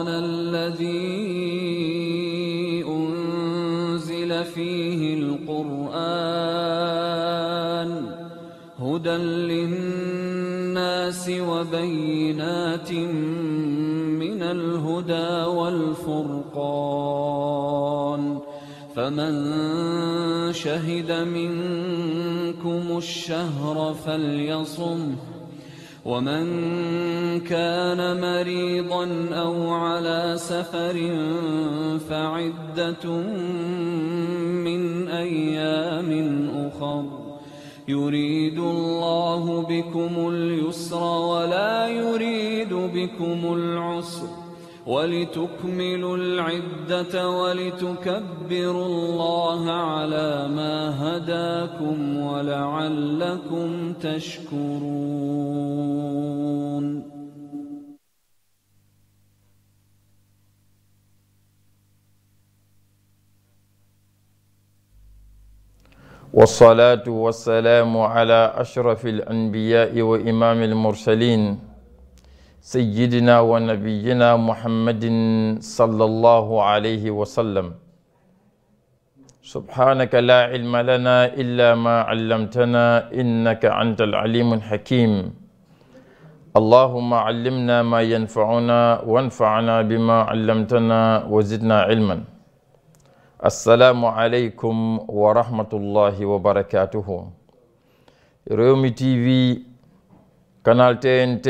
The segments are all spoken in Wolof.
الفرقان الذي أنزل فيه القرآن هدى للناس وبينات من الهدى والفرقان فمن شهد منكم الشهر فليصمه ومن كان مريضا أو على سفر فعدة من أيام أخر يريد الله بكم اليسر ولا يريد بكم العسر ولتكملوا العدة ولتكبروا الله على ما هداكم ولعلكم تشكرون والصلاة والسلام على أشرف الأنبياء وإمام المرسلين sayyidina wa nabiyyina muhammadin sallallahu alayhi wa sallam subhaanaka laa cilma lanaa illaa maa callamtanaa innaka anta alcaliimu alxakiim allahumma callimnaa maa yanfacunaa wanfacnaa bimaa callamtanaa wa zidnaa cilman assalaamu aleykum wa rahmatullahi wa barakaatuhu Rewmi TV canal TNT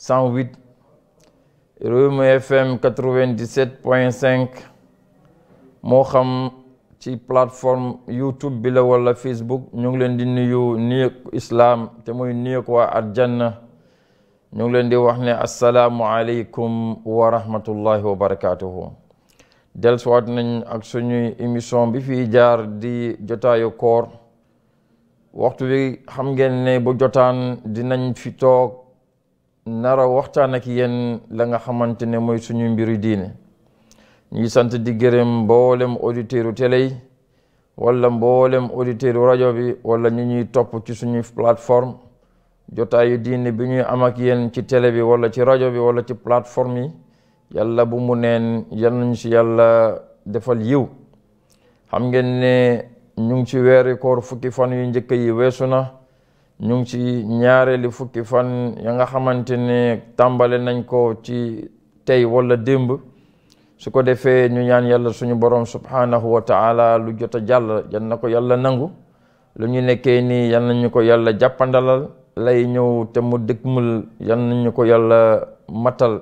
108 Rewmi FM 97 point 5 moo xam ci plateforme YouTube bi la wala Facebook ñu ngi leen di nuyu nuyu islaam te muy nuyu waa aljanna ñoo ngi leen di wax ne asalaamu aleykum wa rahmatullahi wa barakatuhu dellusiwaat nañ ak suñuy émission bi fi jaar di jotaayu koor waxtu bi xam ngeen ne bu jotaan dinañ fi toog nara waxtaan ak yéen la nga xamante ne mooy suñu yu diine ñuy sant di gërëm mboolem auditeuru télé yi walla mboolem auditeuru rajo bi wala ñu ñuy topp ci suñu plateforme jotaayu diine bi ñuy am ak yéen ci télé bi wala ci rajo bi wala ci plateforme yi yàlla bu mu neen yal nañu si yàlla defal yiw xam ngeen ne ñu ngi ci weeri koor fukki fan yu njëkk yi weesu na ñu ngi ci ñaareeli fukki fan ya nga xamante ne tàmbale nañ ko ci tey wala démb su ko defee ñu ñaan yàlla suñu borom subhanahu wa lu jot jàll yan na ko yàlla nangu lu ñu nekkee nii yan nañu ko yàlla jàppandalal lay ñëw te mu dëkkmul yan nañu ko yàlla matal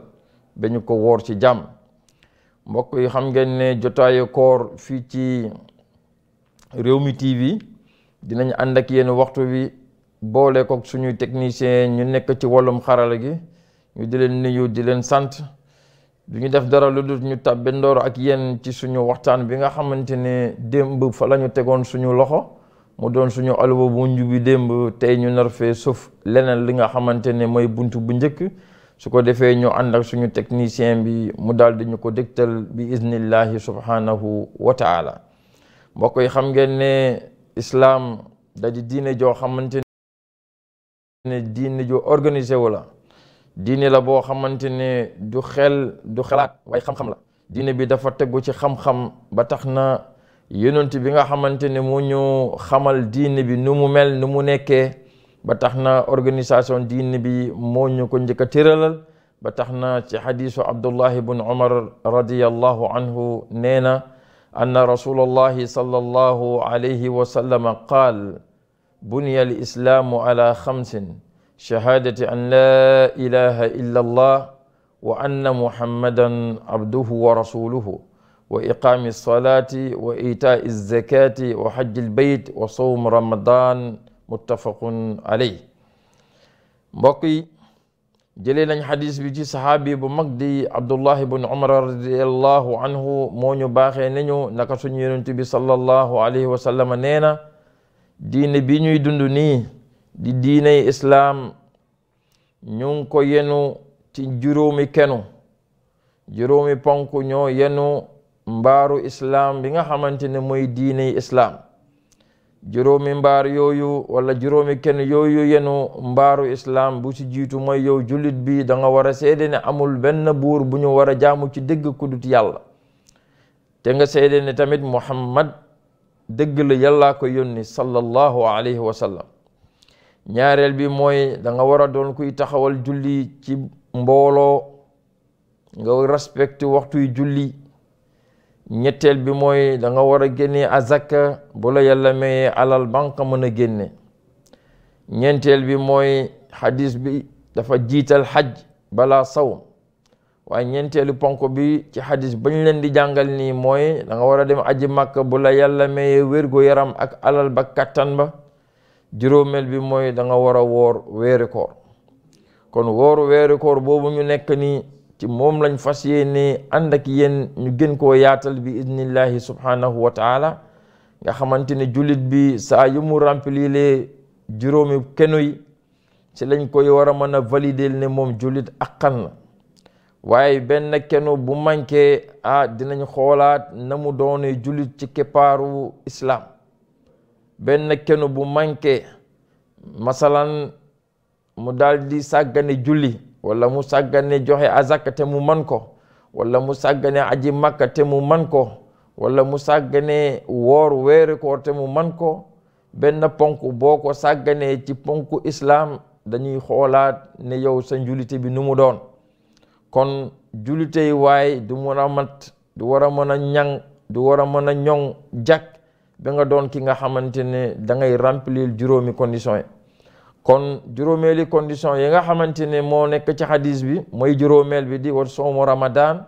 ba ñu ko woor ci jàmm mbokk yi xam ngeen ne jotaayu koor fii ci Rewmi TV dinañ ànd ak waxtu wi boole kook suñuy technicien ñu nekk ci wàllum xarala gi ñu di leen nuyu di leen sant du ñu def dara lu dul ñu tàbbi ndoor ak yéen ci suñu waxtaan bi nga xamante ne démb fa la ñu tegoon suñu loxo mu doon suñu alwa bu njub démb tey ñu nar fee suuf leneen li nga xamante ne mooy bunt bu njëkk su ko defee ñu ànd ak suñu technicien bi mu daal di ñu ko dégtal bi iznillahi subhanahu wa taala mbokk yi xam ngeen ne islaam da di diine joo xamante ne diine ju organisé wu la diine la boo xamante ne du xel du xalaat waaye xam la diine bi dafa tegu ci xam-xam ba tax na yonent bi nga xamante ne mu ñu xamal diine bi nu mu mel nu mu nekkee ba tax na organisation diine bi moo ñu ko njëkk a tëralal ba tax na ci xadisu abdullahi bun umar radiallahu anhu nee na anna rasulallahi sallallahu alayhi wa qaal بني الإسلام على خمس شهادة أن لا إله إلا الله وأن محمدا عبده ورسوله وإقام الصلاة وإيتاء الزكاة وحج البيت وصوم رمضان متفق عليه mbokk yi jëlee nañ xadis bi ci saxaabi bu mag di Abdullahi bun Umar radiallahu anhu moo ñu baaxee nañu naka suñu yonent bi sallallahu alayhi wa sallam nee na diine bi ñuy dund nii di diiney islaam ñu ko yenu ci juróomi kenu juróomi ponk ñoo yenu mbaaru islaam bi nga xamante ne mooy diiney islaam juróomi mbaar yooyu wala juróomi kenn yooyu yenu mbaaru islaam bu ci jiitu mooy yow jullit bi danga nga war a seede ne amul benn buur bu ñu war a jaamu ci dëgg kudut yàlla te nga seede ne tamit muhammad dëgg la yàllaa ko yónni sallallahu alayhi wa sallam ñaareel bi mooy danga nga war a doon kuy taxawal julli ci mbooloo nga respecté waxtuy julli ñetteel bi mooy da nga war a génnee azaka bu la yàlla mayee alal banque mën a génne ñenteel bi mooy xadis bi dafa jiital xaj balaa sawm waaye ñeenteelu ponk bi ci xadis bañ leen di jàngal nii mooy da nga war a dem aji màkk bu la yàlla mayee wérgu yaram ak alal ba kattan ba juróomeel bi mooy danga nga war a woor weeri kon wooru weeri boobu ñu nekk nii ci moom lañ fas yéene ànd ak yéen ñu gën ko yaatal bi idnillahi subhanahu wa taala nga xamante ne jullit bi saa yu mu lee juróomi keno yi lañ koy war a mën a valider ne moom jullit akkan la waaye benn kenu bu manqué ah dinañ xoolaat na mu doone jullit ci keppaaru islam benn kenu bu manqué masalan mu daal di sàggane julli wala mu sàggane joxe azaka te mu man ko wala mu sàggane aji makka te mu man ko wala mu sàggane woor weeri koor te mu man ko benn ponk boo ko sàgganee ci ponku islam dañuy xoolaat ne yow sa njulite bi nu mu doon kon julitey waay du mën a mat du war a mën a ñang du war a mën a ñoŋ jàkk ba nga doon ki nga xamante ne da ngay remplir juróomi condition yi kon juróomeeli condition yi nga xamante ne moo nekk ci xadis bi mooy juróomeel bi di war soomu ramadan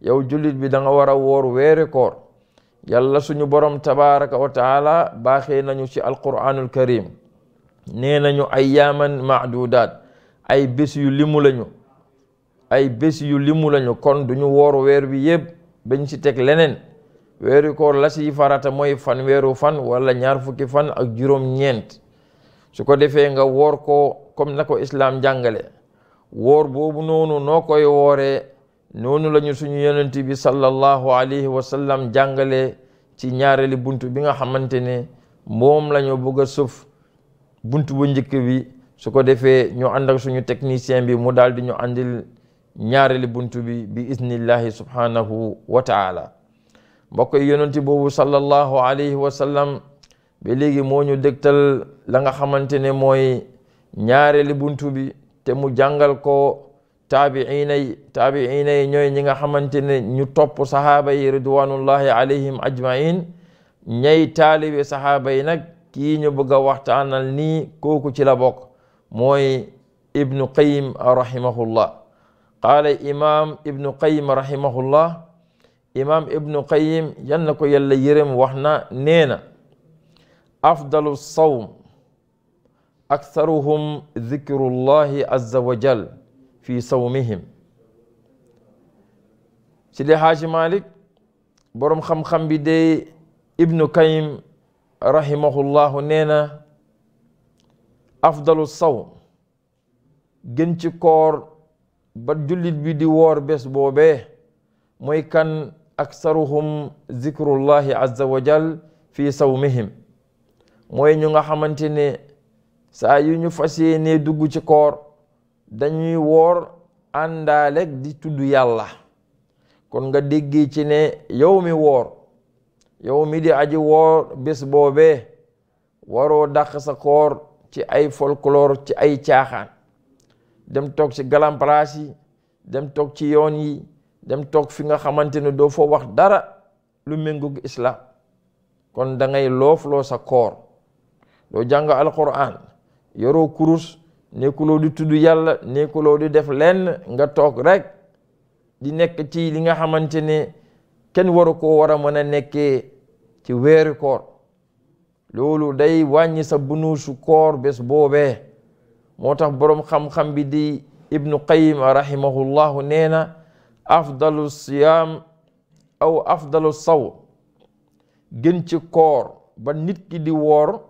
yow jullit bi da nga war a woor weeri koor yàlla suñu borom tabaraka wa baaxe nañu ci alquranul karim nee nañu ay ayyaaman maadudaat ay bés yu limu lañu ay bés yu limu lañu kon duñu woor weer wi yëpp bañ ci teg leneen weeru koor la si farata mooy fan weeru fan wala ñaar fukki fan ak juróom-ñeent su ko defee nga woor ko comme na ko islaam jàngale woor boobu noonu noo koy wooree noonu lañu suñu yonent bi sallallahu alayhi sallam jàngale ci ñaareeli bunt bi nga xamante ne moom lañu bëgg a suuf bunt bu njëkk bi su ko defee ñu ànd suñu technicien bi mu dal di ñu àndil ñaareeli buntu bi bi iznillahi subhanahu wa taala mbokk yi yonenti boobu sallallahu alayhi wa sallam ba léegi moo ñu dégtal la nga xamante ne mooy ñaareeli buntu bi te mu jàngal ko taabiina yi taabiina yi ñooy ñi nga xamante ne ñu topp sahaaba yi ridwanullahi alayhim ajmain ñay taalibe sahaaba yi nag kii ñu bëgg a waxtaanal nii kooku ci la bokk mooy ibnu qayim rahimahullah qaala imaam ibnu qayim rahimahullah imaam ibnu qayim yan na ko yàlla yërëm wax na nee na afdalu sawm aktharuhum dikrullahi azza wa jal fi sawmihim si de xaaji malik boroom xam-xam bi de ibnu qayim rahimahullahu nee na afdalu sawm gën ci koor ba jullit bi di woor bés boobee mooy kan aksaruhum zikrullahi azza wa jal fi sawmihim mooy ñu nga xamante ne saa yu ñu fas yéenee dugg ci koor dañuy woor àndaaleg di tudd yàlla kon nga déggee ci ne yow mi woor yow di aji woor bés boobee waroo dàq sa koor ci ay folklore ci ay caaxaan dem toog ci galan yi dem toog ci yoon yi dem toog fi nga xamante ne doo fa wax dara lu méngug islam kon da ngay loofloo sa koor doo jàng alquran yoroo kurus nekkuloo di tudd yàlla nekkuloo di def lenn nga toog rekk di nekk ci li nga xamante ne kenn waru koo war a mën a nekkee ci weeru koor loolu day wàññi sa bunuusu koor bés boobee moo tax boroom xam-xam bi di ibnu qayim rahimahullahu nee na afdalu siyaam aw afdalu saw gën ci koor ba nit ki di woor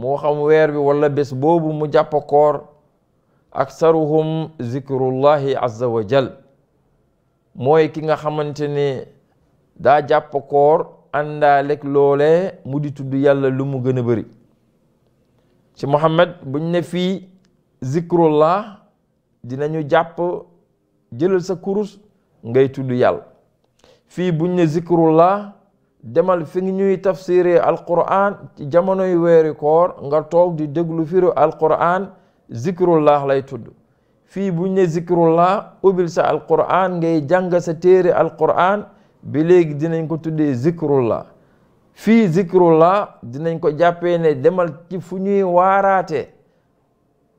moo xam weer wi walla bés boobu mu jàpp koor aksaruhum zikrullahi azza wa jal mooy ki nga xamante ne daa jàpp koor àndaalek loolee mu di tudd yàlla lu mu gën a bëri ci Muhammad zikrullah dinañu jàpp jëlal sa kurus ngay tudd yàl fii buñ ne zikrullah demal fi ngi ñuy tafsiree alquran ci jamonoy weeri nga toog di déglu firu alquran zikrullah lay tudd fii buñ ne zikrullah ubil sa alquran ngay jàng sa téere alquran bi léegi dinañ ko tuddee zikrullah fii zikrullah dinañ ko jàppee ne demal ci fu ñuy waaraatee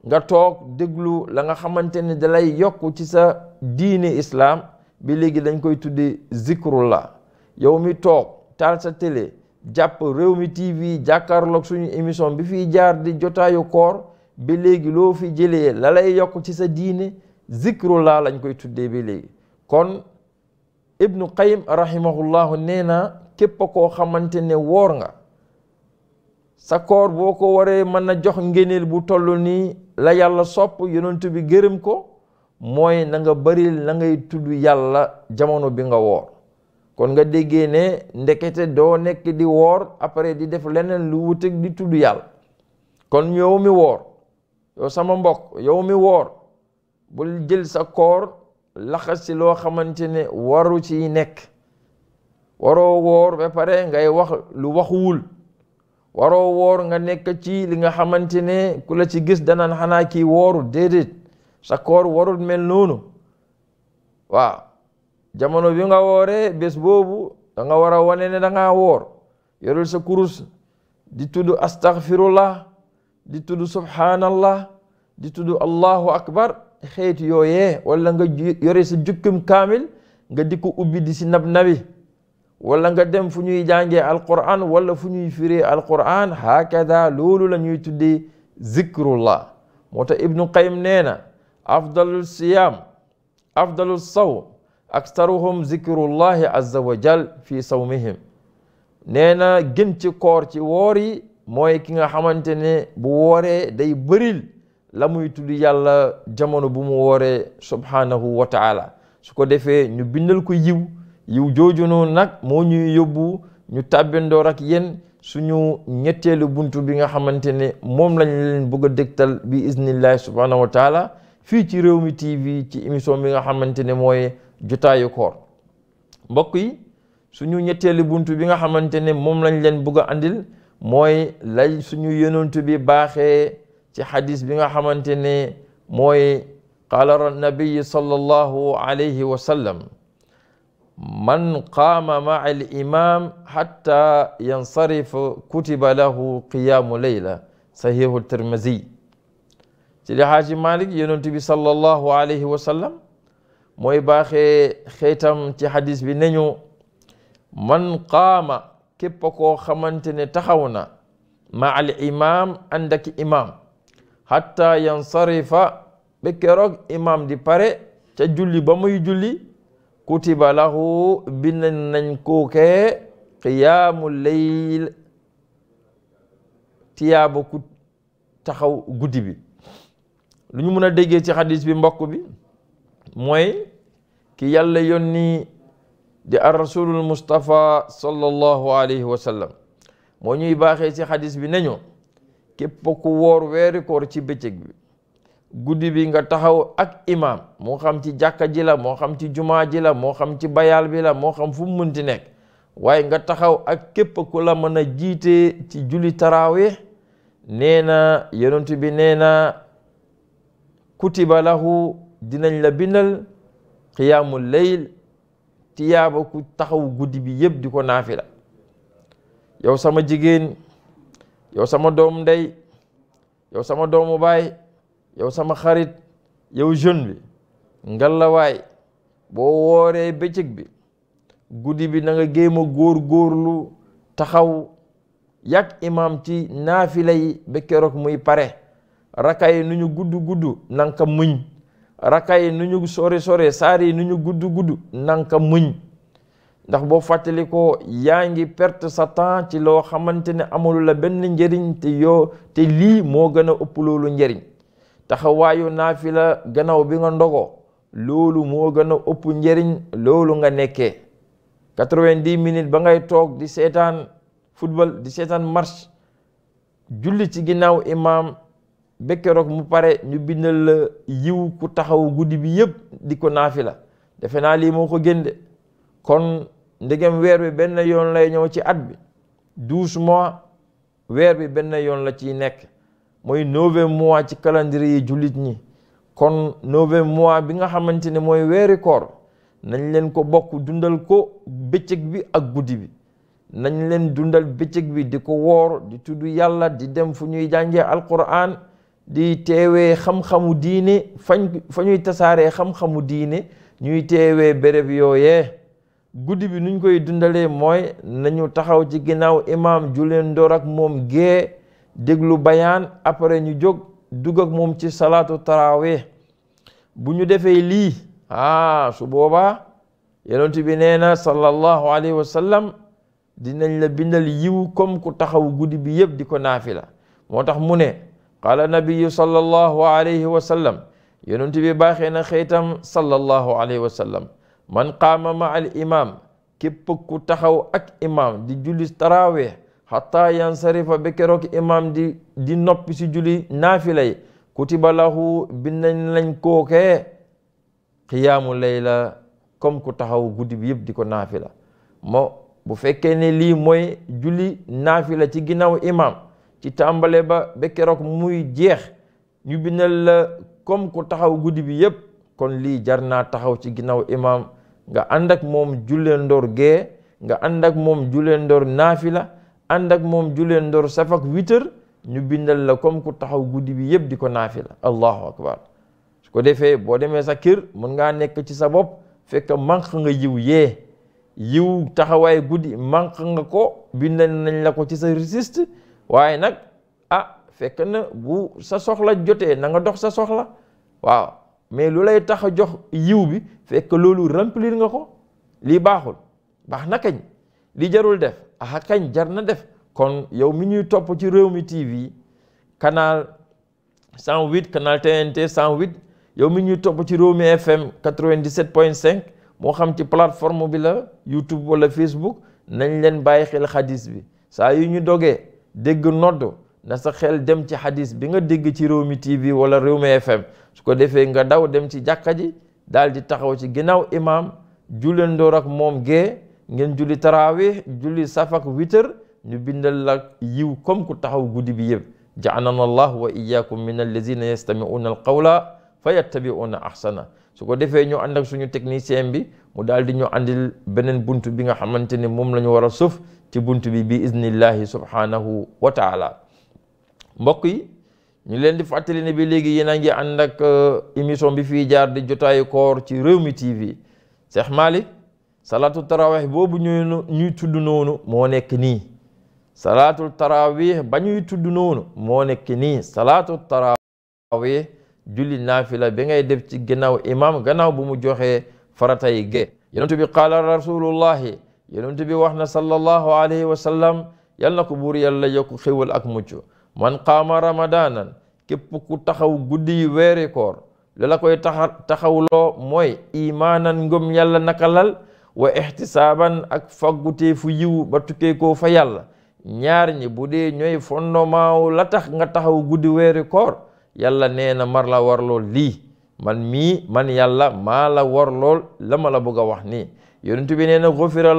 nga toog déglu la nga xamante ne dalay yokk ci sa diini islaam bi léegi dañ koy tudde zikrullah yow mi toog taal sa télé jàpp réew mi TV jàkkaarloog suñu émission bi fiy jaar di jotaayu koor bi léegi loo fi jëlee lalay yokk ci sa diini zikrullah lañ koy tuddee bi léegi kon ibnu qayyim rahimahullahu nee na képp koo xamante ne woor nga sa koor boo ko waree mën a jox ngéneel bu toll nii la yàlla sopp yonent bi gërëm ko mooy nanga bari nangay tudd yàlla jamono bi nga woor kon nga déggee ne ndekete doo nekk di woor après di def leneen lu wuteeg di tudd yàlla kon yow mi woor yow sama mbokk yow mi woor bu jël sa koor laxas ci loo xamante ne waru ci nekk waroo woor ba pare ngay wax lu waxuwul waroo woor nga nekk ci li nga xamante ne ku la ci gis danaan xanaa kii wooru déedéet sa koor warul mel noonu waaw jamono bi nga wooree bés boobu da nga war a wane ne da woor yorul sa kurus di tudd astaghfirullah di tudd subhanallah di tudd allahu akbar xeetu yooyee walla nga yore sa jukkum kaamil nga di ko ubbi di si nab nabi wala nga dem fu ñuy jàngee alquran wala fu ñuy firee alquran hakada loolu la ñuy tuddi zikrullah moo tax ibnu qayyim nee na afdalu siyam afdalu sawm aktaruhum zikrullahi azza wa jal fi sawmihim nee na gën ci koor ci woor yi mooy ki nga xamante ne bu wooree day bëril la muy tudd yàlla jamono bu mu wooree subhanahu wa taala su ko defee ñu bindal ko yiw yiw jooju noonu nag moo ñuy yóbbu ñu tàbbandoor ak yéen suñu ñetteelu buntu bi nga xamante ne moom lañ leen bëgg a dégtal bi iznillahi subhanahu wa taala fii ci réew Rewmi TV ci émission bi nga xamante ne mooy jotaayu koor mbokk yi suñu ñetteelu buntu bi nga xamante ne moom lañ leen bëgg andil mooy lay suñu yonentu bi baaxee ci xadis bi nga xamante ne mooy qaala nabiyi sallallahu alayhi wa sallam man qama maa al-imam hatta yansarif kutiba lahu qiyamu layla sahihu tirmizi Sidi Haaji Malik Yonent bi sallallahu alayhi wa sallam mooy baaxee xeetam ci hadis bi nañu man qaama képp koo xamante ne taxaw na maa al-imam ànd ak imam hatta yansarifa ba di pare ca julli ba muy julli kutiba lahu bind nañ kooke qiyaamu leyl tiyaaba ku taxaw guddi bi lu ñu mën a déggee ci xadis bi mbokk bi mooy ki yàlla yoon yónni di ar rasulul mustapha sallallahu alayhi wa moo ñuy baaxee ci xadis bi nañu képp ku woor weeri koor ci bëccëg bi guddi bi nga taxaw ak imaam moo xam ci jàkka ji la moo xam ci jumaa ji la moo xam ci bayaal bi la moo xam fu mu munti nekk waaye nga taxaw ak képp ku la mën a jiite ci julli taraawe nee na yonent bi nee na kutiba lahu dinañ la bindal qiyaamul layl tiyaaba ku taxaw guddi bi yépp di ko naafila yow sama jigéen yow sama doom ndey yow sama doomu baay yow sama xarit yow jeune bi ngalawaay boo wooree bëccëg bi guddi bi nanga géema géem góor góorlu taxaw yàgg imam ci naafila yi ba keroog muy pare raka yi nu ñu gudd gudd nanka muñ raka nu ñu sore sore saar nu ñu gudd gudd nanka muñ ndax boo fàttali ko yaa ngi perte sa temps ci loo xamante ne amul la benn njëriñ te lii moo gën a ëpp loolu njëriñ taxawaayu naafi la gannaaw bi nga ndogo loolu moo gën a ëpp njëriñ loolu nga nekkee quatre-vingt-dix ba ngay toog di seetaan football di seetaan match julli ci ginnaaw imaam bekkeroog mu pare ñu bindal la yiw ku taxaw guddi bi yëpp di ko la defe naa lii moo ko génde kon ndegem weer bi benn yoon lay ñëw ci at bi douze mois weer bi benn yoon la ciy nekk mooy neuvième mois ci calendrier jullit ñi kon neuvième mois bi nga xamante ne mooy weeri koor nañ leen ko bokk dundal ko bëccëg bi ak guddi bi nañ leen dundal bëccëg bi di ko woor di tudd yàlla di dem fu ñuy jàngee alquran di teewee xam-xamu diine fa ñuy tasaaree xam-xamu diine ñuy teewee béréb yooyee guddi bi nuñ koy dundalee mooy nañu taxaw ci ginnaaw imaam juleen door ak moom gee déglu bayaan après ñu jog dugg ak moom ci salaatu tarawih bu ñu defee lii ah su boobaa yonent bi nee na sallallahu alayhi wa sallam dinañ la bindal yiw comme ku taxaw guddi bi yëpp di ko naafila moo tax mu ne qaala nabiyu sallallahu alayhi wa sallam yonent bi baaxee na xeetam sallallahu alayhi wa sallam man qaama ma al imam képp ku taxaw ak imam di julli tarawih xataa yansarifa ba keroog imaam di di noppi si julli naafila yi kutiba lahu bind nañ lañ kookee xiyaamu layla comme ku taxaw guddi bi yëpp di ko naafila moo bu fekkee ni lii mooy julli naafila ci ginnaaw imaam ci tàmbale ba ba keroog muy jeex ñu bindal la comme ku taxaw guddi bi yépp kon lii jar naa taxaw ci ginnaaw imaam nga ànd ak moom ndoor gee nga ànd ak moom jullendoor naafila ànd ak moom juleen ndoor safak huit heures ñu bindal la comme ku taxaw guddi bi yëpp di ko naafila allahu akbar su ko defee boo demee sa kër mën ngaa nekk ci sa bopp fekk manq nga yiw yee yiw taxawaay guddi manq nga ko bindal nañ la ko ci sa registre waaye nag ah fekk na bu sa soxla jotee na nga dox sa soxla waaw mais lu lay tax a jox yiw bi fekk loolu remplir nga ko lii baaxul baax na kañ li jarul def ah jar na def kon yow mi ñuy topp ci réew Rewmi TV canal 108 canal TNT 108 yow mi ñuy topp ci Rewmi FM 97.5 moo xam ci plateforme bi la YouTube wala Facebook nañ leen bàyyi xel xadis bi saa yi ñu dogee dégg nodd na sa xel dem ci xadis bi nga dégg ci réew Rewmi TV wala Rewmi FM su ko defee nga daw dem ci jàkka ji daal di taxaw ci ginnaaw imaam jullendoor ak moom gee ngeen julli taraawih julli safak witr ñu bindal la yiw comme ku taxaw guddi bi yëpp ja'alana allah wa iyyakum min allazina yastami'una alqawla fa yattabi'una ahsana su ko defee ñu ànd ak suñu technicien bi mu daal di ñu àndil beneen buntu bi nga xamante ne moom la ñu war a suuf ci buntu bi bi iznillahi subhanahu wa taala mbokk yi ñu leen di fàttali ne bi léegi yéen a ngi ànd ak euh, émission bi fii jaar di jotaayu koor ci Rewmi TV Cheikh Malick salaatu tarawih boobu ñuy ñuy tudd noonu moo nekk nii salaatul tarawih ba ñuy tudd noonu moo nekk ni salaatu tarawih julli naafila bi ngay def ci gannaaw imam gannaaw bu mu joxee faratay yi ge yonent bi qaala rasulullahi yonent bi wax na sallallahu alayhi wa sallam yal na ko buur yàlla yokk xéwal ak mucc man qaama ramadanan képp ku taxaw guddi yi weeri koor lu koy taxa taxawloo mooy imaanan ngëm yàlla nakalal wa ixtisaaban ak faggutee fu yiw ba tukkee fa yàlla ñaar ñi bu dee ñooy fondement wu la tax nga taxaw guddi weeri koor yàlla nee na mar la war lool lii man mii man yàlla maa la war lool la ma la bëgg a wax ni yonent bi nee na xufira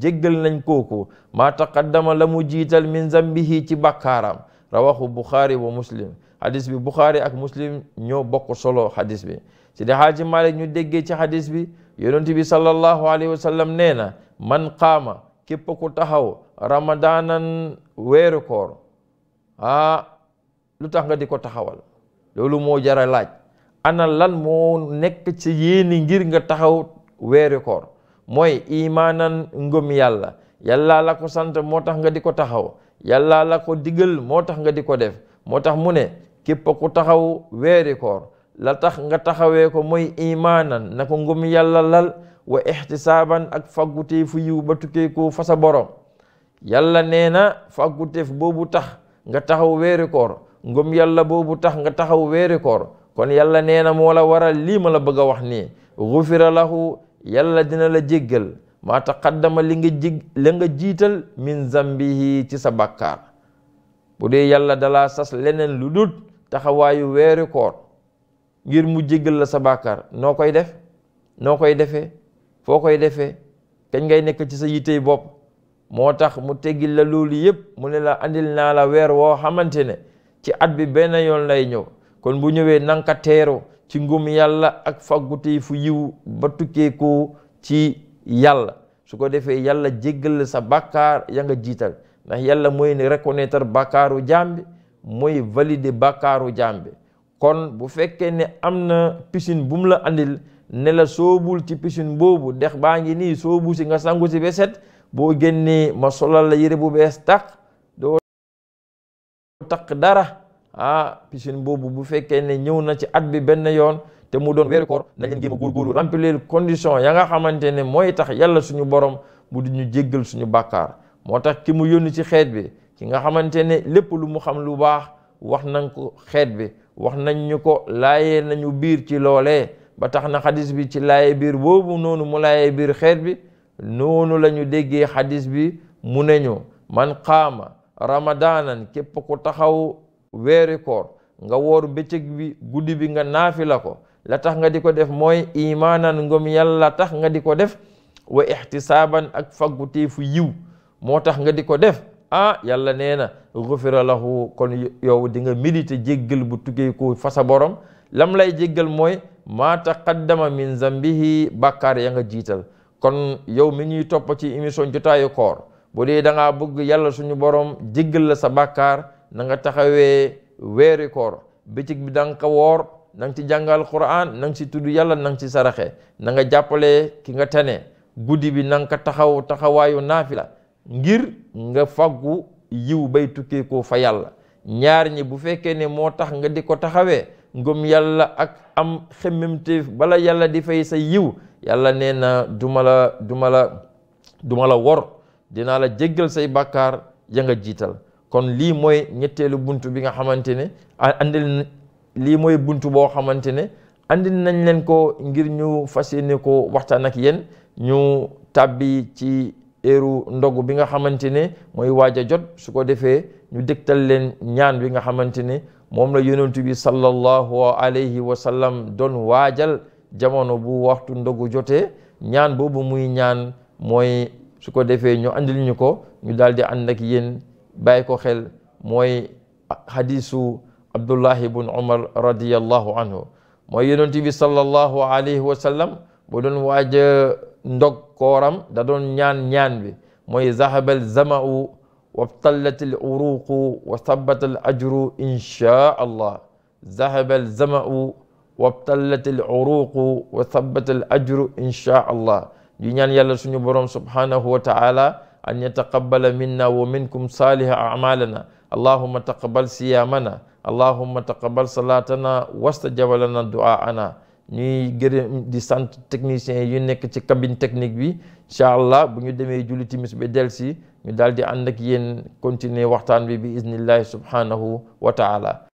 jeggal nañ kooku maa taqaddama la mu jiital min zambihi ci bàkkaaram rawahu buxaari wa muslim hadis bi buxaari ak muslim ñoo bokk solo hadis bi si di xaaji malik ñu déggee ci hadis bi yonent bi sallallahu alayhi wa sallam nee na man qaama képp ku taxaw ramadanan weeru koor ah lu tax nga di ko taxawal loolu moo jara laaj ana lan moo nekk ci yéeni ngir nga taxaw weeru koor mooy imaanan ngëm yàlla yàlla la ko santa moo tax nga di ko taxaw yàlla la ko digal moo tax nga di ko def moo tax mu ne képp ku taxaw weeru la tax nga taxawee ko mooy imaanan na ko ngëm yàlla lal wa ixtisaaban ak fu yiw ba tukkee ko fa sa borom yàlla nee na fàgguteef boobu tax nga taxaw weeri koor ngëm yàlla boobu tax nga taxaw weeri koor kon yàlla nee na moo la waral lii ma la bëgg a wax ni gufira lahu yàlla dina la jéggal maa taqaddama li nga jig li nga jiital min zambihi ci sa bàkkaar bu dee yàlla dalaa sas leneen lu dul taxawaayu weeri ngir mu jéggal la sa bàkkaar noo koy def noo koy defee foo koy defee kañ ngay nekk ci sa yitey bopp moo tax mu teggil la loolu yëpp mu ne la andil naa la weer woo xamante ne ci at bi benn yoon lay ñëw kon bu ñëwee nanka teeru ci ngum yàlla ak faggutey fu yiw ba tukkee ko ci yàlla su ko defee yàlla jéggal sa bàkkaar ya nga jiital ndax yàlla mooy ne reconnaître bàkkaaru jaam bi mooy valider bàkkaaru jaam bi kon bu fekkee ne am na piscine bum la andil nela soobul ci piscine boobu dex baa ngi nii soobu si nga sangu si ba set boo génnee ma solal la yére bu bees tàq doo taq dara ah piscine boobu bu fekkee ne ñëw na ci at bi benn yoon te mu doon weeru koor na leen géem a góorgóorlu remplir condition ya nga xamante ne mooy tax yàlla suñu borom mu du ñu jéggal suñu bàkkaar moo tax ki mu yónni ci xeet bi ki nga xamante ne lépp lu mu xam lu baax wax nañ ko xeet bi wax nañ ñu ko laayee nañu biir ci loole ba tax na xadiis bi ci laayee biir boobu noonu mu laayee biir xeet bi noonu la ñu déggee xadis bi mu neñu man xaama ramadanan képp ko taxaw weeri koor nga woor bëccëg bi guddi bi nga naafi la ko la tax nga di ko def mooy imaanan ngom yàlla tax nga di ko def wa ixtisaaban ak faggu teefu yiw moo tax nga di ko def ah yàlla nee na gufira kon yow di nga médité jéggal bu tuggee ko fa sa borom lam lay jéggal mooy maa taqaddama min zambihi bàkkaar ya nga jiital kon yow mi ñuy topp ci émission jotaayu koor bu dee da bëgg yàlla suñu borom jéggal la sa bàkkaar na nga taxawee weeri koor bëccëg bi da woor nanga ci jàngal Qur'an na nga ci tudd yàlla na nga ci saraxe na nga jàppale ki nga tane guddi bi na taxaw taxawaayu la ngir nga faggu yiw bay tukkee ko fa yàlla ñaar ñi bu fekkee ni moo tax nga di ko taxawee ngëm yàlla ak am xemmemteef bala yàlla di fay sa yiw yàlla nee na duma la duma la duma la wor dinaa la jéggal say bàkkaar ya nga jiital kon lii mooy ñetteelu bunt bi nga xamante ne andil lii mooy bunt boo xamante ne andil nañ leen ko ngir ñu fas yéene ko waxtaan ak yéen ñu tàbbi ci eeru ndogu bi nga xamante ne mooy waaja a jot su ko defee ñu dégtal leen ñaan bi nga xamante ne moom la yonent bi sallallahu alayhi wa sallam doon waajal jamono bu waxtu ndogu jotee ñaan boobu muy ñaan mooy su ko defee ñu andil ñu ko ñu daal di ànd ak yéen bàyyi ko xel mooy hadisu abdullahi bun umar radiyallahu anhu mooy yonent bi sallallahu alayhi wa bu doon waaja ndog kooram da doon ñaan ñaan bi mooy zahabal zama'u wabtallat al uruqu wa sabata al ajru inchaa allah zahaba al zama'u wabtallat al uruqu wa sabata al ajru inchaa allah di ñaan yàlla suñu boroom subhanahu wa ta'ala an yataqabbala minna wa minkum saliha a'malana allahumma taqabbal siyamana allahumma taqabbal salatana wastajab lana du'aana ñuy gërëm di sant techniciens yu nekk ci cabine technique bi incha allah bu ñu demee julli timis ba delsi ñu daal di ànd ak yéen continuer waxtaan bi bi iznillahi subhanahu wa taala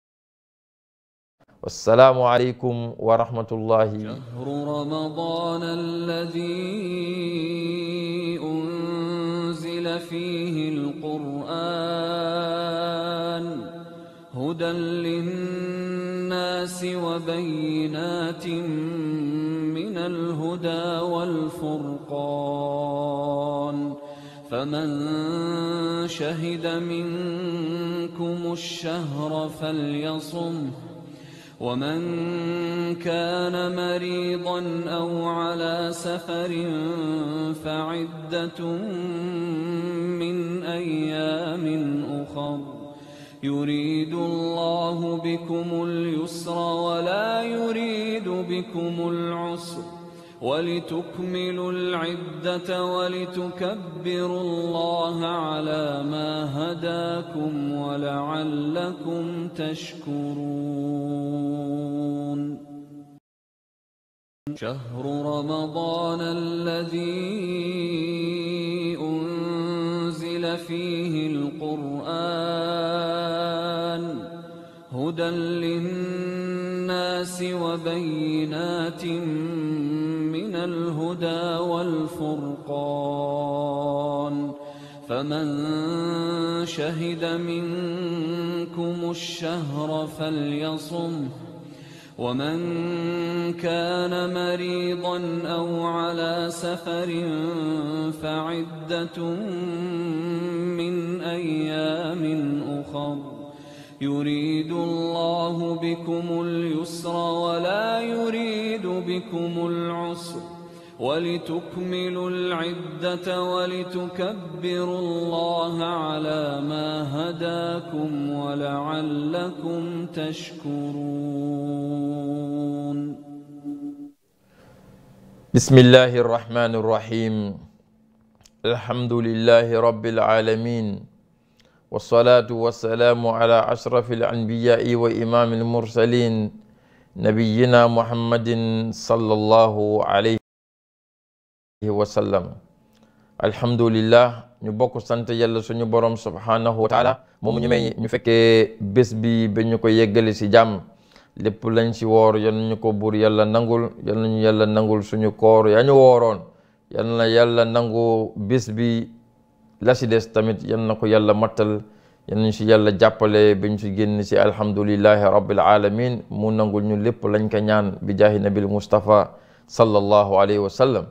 wassalaamu aleykum wa rahmatullahi shahru ramadan alladhi unzila fihi alquran hudan lin للناس وبينات من الهدى والفرقان فمن شهد منكم الشهر فليصمه ومن كان مريضا او على سفر فعده من ايام اخر يريد الله بكم اليسر ولا يريد بكم العسر ولتكملوا العدة ولتكبروا الله على ما هداكم ولعلكم تشكرون شهر رمضان الذي أنزل فيه القرآن هدى للناس وبينات من الهدى والفرقان فمن شهد منكم الشهر فليصمه ومن كان مريضا او على سفر فعده من ايام اخر يريد الله بكم اليسر ولا يريد بكم العسر ولتكملوا العدة ولتكبروا الله على ما هداكم ولعلكم تشكرون بسم الله الرحمن الرحيم الحمد لله رب العالمين wasalaatu wasalaamu ala ashrafi alanbiyaai wa imaami almursalin nabiyina muhammadin sallallahu alayhi wa alhamdulillah ñu bokk sant yàlla suñu borom subhaanahu wa taala moom ñu may ñu fekkee bés bi ba ñu ko yeggale si jàmm lépp lañ si woor yal ko buur yàlla nangul yal yàlla nangul suñu koor yaa ñu wooroon yal na yàlla la si des tamit yan na ko yàlla mattal yan ñu si yàlla jàppale bi ñu si génn si alhamdulillahi rabbil alamin mu nangul ñu lépp lañ ko ñaan bi jaahi nabil Mustafa sallallahu alayhi wa sallam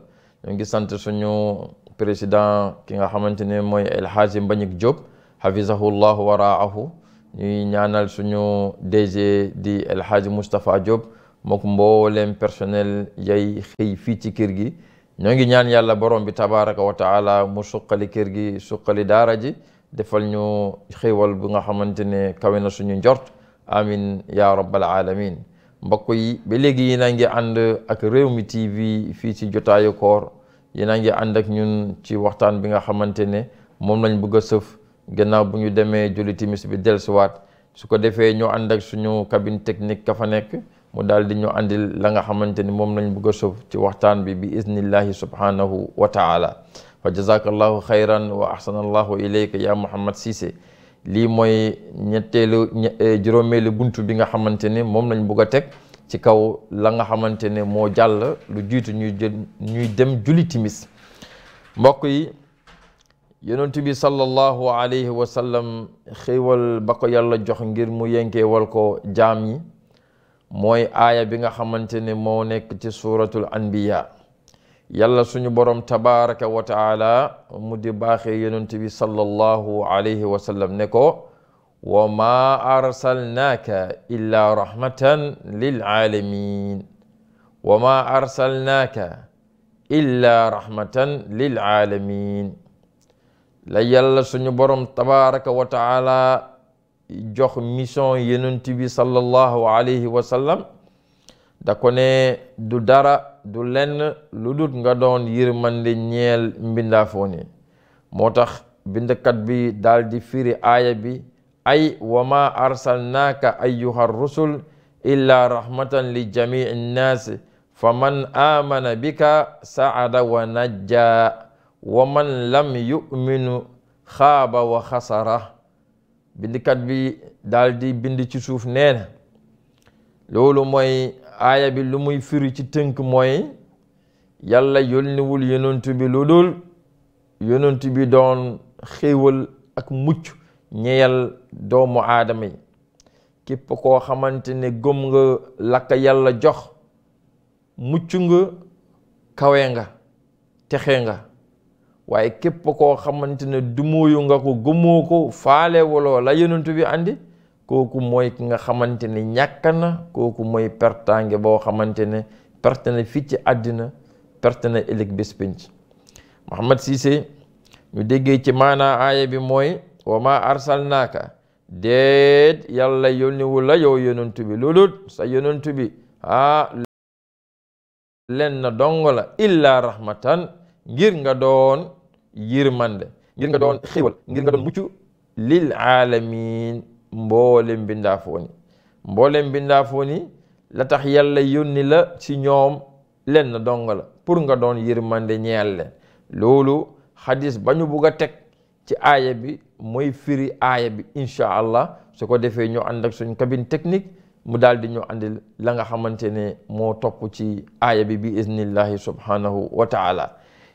ñu ngi sant suñu président ki nga xamante ne mooy El Hadji Mbagnick Diop hafizahullahu wa raahu ñuy ñaanal suñu DG di El Hadji Moustapha Diop mook mbooleem personnel yay xëy fii ci kër gi ñoo ngi ñaan yàlla borom bi tabaraka wa taala mu suqali kër gi suqali daara ji defal ñu xéewal bu nga xamante ne kawe na suñu njort amin ya rabbal alamin mbokk yi ba léegi yéen a ngi ànd ak réew Rewmi TV fii ci jotaayu koor yéen a ngi ànd ak ñun ci waxtaan bi nga xamante ne moom lañ bëgg a sëf gannaaw bu ñu demee julli timis bi dellusiwaat su ko defee ñu ànd ak suñu cabine technique ka fa nekk mu daal di ñu andil la nga xamante ni moom lañ bëgg a sóob ci waxtaan bi bi iznillahi subhanahu wa taala fa jazakallahu xayran wa ahsanallahu ilayka ya Mouhamed Cissé lii mooy ñetteelu eh, juróomeelu buntu bi nga xamante ni moom lañ bëgg a teg ci kaw langa nga xamante ne moo jàll lu jiitu ñuy jël ñuy dem juli timis mbokk yi yonent bi sallallahu alayhi wa sallam xéewal yàlla jox ngir mu yënkeewal ko jaam yi mooy aaya bi nga xamante ne moo nekk ci suuratul anbiya yàlla suñu borom tabaraka wa taala mu di baaxee yonent bi sallallahu alayhi wa sallam ne ko wa maa arsalnaaka illaa rahmatan lil aalamin la yàlla suñu borom wa taala jox mission yenent bi sallallahu alayhi da ko du dara du lenn lu nga doon yërmande ñeel mbindaafoon yi moo tax bindkat bi daldi di firi aaya bi ay wa ma arsalnaaka ayyuha rusul illa rahmatan li jamii nnaas fa man aamana bika saada wa najja wa man lam yuminu xaaba wa xasara bindkat bi daldi bind ci suuf nee na loolu mooy aaya bi lu muy firi ci tënk mooy yàlla yónniwul yonent bi lu dul yonent bi doon xéewal ak mucc ñeyal doomu aadama yi képp koo xamante ne gëm nga lakka yàlla jox mucc nga kawe nga texe nga waaye képp koo xamante ne dumóoyu nga ko gëmoo ko faale waloo la yonent bi andi kooku mooy ki nga xamante ne ñàkk na kooku moy pertaange boo xamante ne perte na fii ci àddina perte na ëllëg bés pénc Muhammad Cissé ñu déggee ci maanaa aaya bi mooy wa maa arsalnaaka déet yàlla yónniwu la yow yonent bi loolu sa yonent bi ah len na dong la illaa rahmatan ngir nga doon yërmande ngir nga doon xéwal ngir nga doon mucc lil aalamin mboolem bindaafoon yi mboolem bindaafoon yi la tax yàlla yónni la ci ñoom lenn dong la pour nga doon yërmande ñeel leen loolu xadis ba ñu bugg a teg ci aaya bi mooy firi aaya bi incha allah su ko defee ñu ànd ak suñ cabine technique mu daal di ñu àndil la nga xamante ne moo topp ci aaya bi bi iznillahi subhanahu wa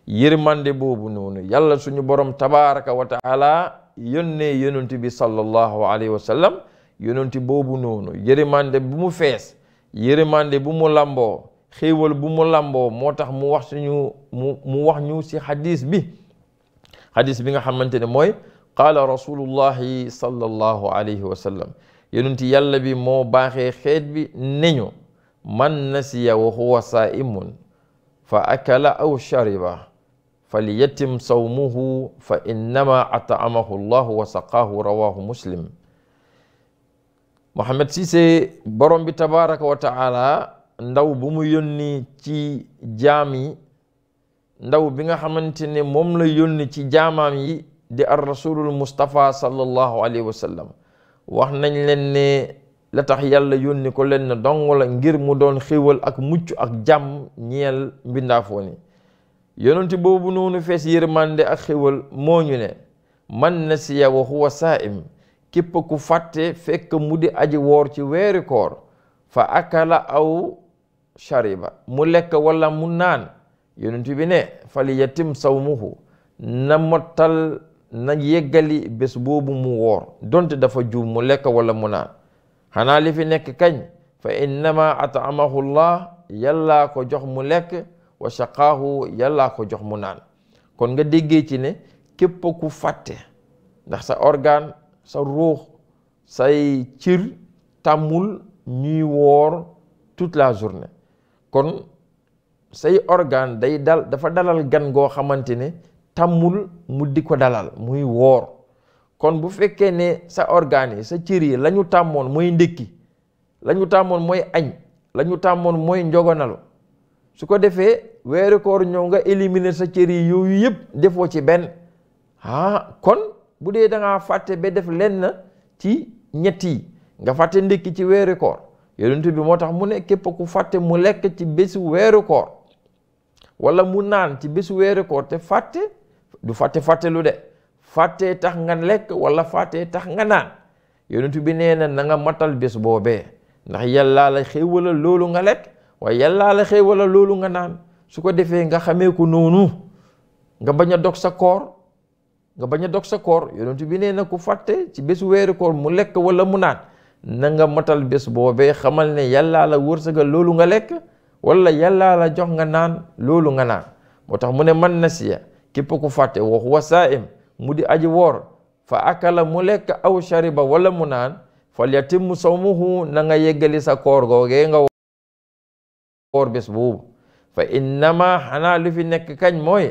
yërmande boobu noonu yàlla suñu borom tabaraka wa taala yónnee bi sallallahu alayhi wa sallam yonent boobu noonu yërmande bu mu fees yërmande bu mu lamboo xéewal bu mu moo tax mu wax suñu mu wax ñu si hadis bi xadis bi nga xamante ne mooy qaala rasulullahi sallallahu alayhi wa sallam yonent yàlla bi moo baaxee xeet bi neñu man nasiya wa huwa saimun fa akala aw shariba فليتم صومه فإنما أطعمه الله وسقاه رواه مسلم Mohamed Cissé borom bi tabaraka wa ndaw bu mu yónni ci jaam yi ndaw bi nga xamante ne moom la yónni ci jaamaam yi di ar rasulul Mustafa sallallahu alayhi wa sallam wax nañ leen la tax yàlla yónni ko leen na dong ngir mu doon xéewal ak mucc ak jàmm ñeel mbindaafooni yonent boobu noonu fees yërmande ak xéwal moo ñu ne man na siya wa huwa saa'im képp ku fàtte fekk mu di aji woor ci weeri koor fa akala aw shariba mu lekk walla mu naan yonent bi ne fali yatim sawmuhu na mottal na yeggali bés boobu mu woor donte dafa juum mu lekk wala mu naan xanaa li fi nekk kañ fa innama atamahu llah yàllaa ko jox mu lekk wa shaqaahu yàllaa ko jox mu naan kon nga déggee ci ne képp ku fàtte ndax sa organ sa ruux say cir tàmmul ñuy woor tout la journée kon say organe day dal dafa dalal gan goo xamante ne tàmmul mu di ko dalal muy woor kon bu fekkee ne sa organe yi sa cir yi la ñu tàmmoon mooy ndékki la ñu tàmmoon mooy añ la ñu tàmmoon mooy njogonalu su ko defee weeru koor ñëw nga éliminer sa cër yi yooyu yëpp defoo ci benn ah kon bu dee da ngaa fàtte ba def lenn ci ñetti nga fàtte ndékki ci weeru koor bi moo tax mu ne képp ku fàtte mu lekk ci bésu weeru koor wala mu naan ci bésu weeru te fàtte du fàtte fàtte lu de fàtte tax nga lekk wala fàtte tax nga naan yonent bi nee na na nga matal bés boobee ndax yàlla la xéwala loolu nga lekk. waa yàllaa la xëy wala loolu nga naan su ko defee nga xamee ko noonu nga bañ a dog sa koor nga bañ a dog sa koor yonent bi nee na ku fàtte ci bésu weeru mu lekk wala mu naan na nga matal bés boobee xamal ne yàllaa la wërsëgal loolu nga lekk wala yàllaa jox nga naan loolu nga naan moo tax mu ne man nasiya képp ku fàtte wax wasaa'im mu di aji woor fa akala mu lekk aw shariba wala mu naan fal yatimmu sawmuhu na nga yeggali sa koor googee nga koor bés boobu fa innama xanaa lu fi nekk kañ mooy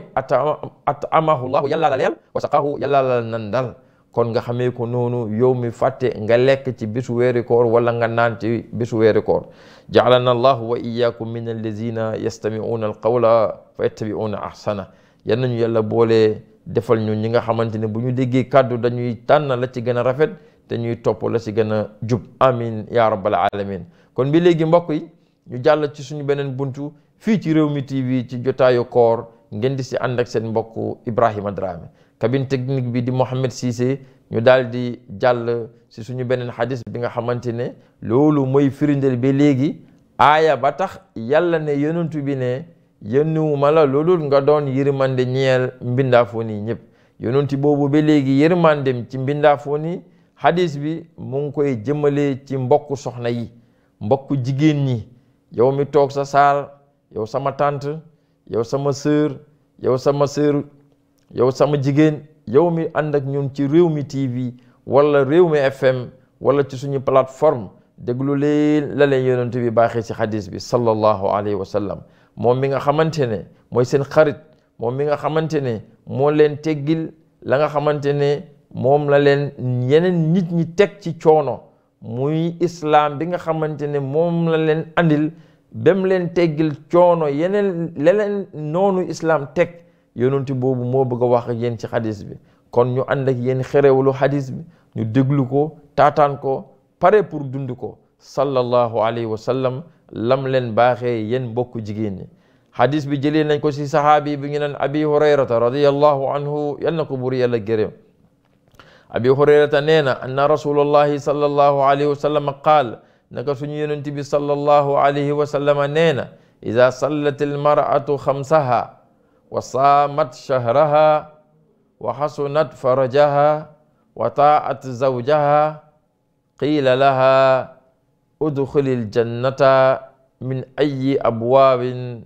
at amahu llahu yàlla la leel wa saqahu yàlla la nandal kon nga xamee ko noonu yow mi fàtte nga lekk ci bisu weeri wala nga naan ci bisu weeri koor jaalana allahu wa iyaakum min allazina yastamiuuna alqawla fa yattabiuuna ahsana yan nañu yàlla boole defal ñu ñi nga xamante ne bu ñu déggee kàddu dañuy tànn la ci gën a rafet te ñuy topp la ci gën a jub amin ya rabbal kon bi léegi mbokk ñu jàll ci suñu beneen buntu fii ci réew Rewmi TV ci jotaayu koor ngeen di si ànd ak seen mbokku Ibrahima Dramé cabine technique bi di Mohamed Cissé ñu daal di jàll si suñu beneen xadis bi nga xamante ne loolu mooy firindeel ba léegi aaya ba tax yàlla ne yonentu bi ne yónniwuma la loolul nga doon yërmande ñeel mbindaafoo nii ñëpp yonentu boobu ba léegi yërmandem ci mbindaafoo yi xadis bi mu ngi koy jëmmalee ci mbokk soxna yi mbokku jigéen ñi yow mi toog sa saal yow sama tante yow sama sœur yow sama sœur yow sama jigéen yow mi ànd ak ñun ci réew mi TV wala réew mi FM wala ci suñu plateforme déglu leen la leen yonent bi baaxee ci xadis bi sallallahu alayhi wa moom mi nga xamante ne mooy seen xarit moom mi nga xamante ne moo leen teggil la nga xamante ne moom la leen yeneen nit ñi teg ci coono. muy islam bi nga xamante ne moom la leen andil bem leen teggil coono yeneen leneen noonu islam teg yonent boobu moo bëgg a wax ak ci xadis bi kon ñu ànd ak yéen xerewuloo xadis bi ñu déglu ko taataan ko pare pour dund ko sallallahu alayhi wa sallam lam leen baaxee yéen mbokku jigéen ñi xadis bi jëlee nañ ko si sahaabi bi ngi naan abi hurayrata radiallahu anhu yal na ko buur yàlla gërëm abi hurayrata nee na anna rasulullahi sallallahu alayhi wa sallama qaal naka suñu yonent bi sallallahu alayhi wa sallama nee na ida sallat almaratu xamsaha wa saamat shahraha wa xasunat farajaha wa taat zawjaha qiila laha udxuli ljannata min ayi abwaabin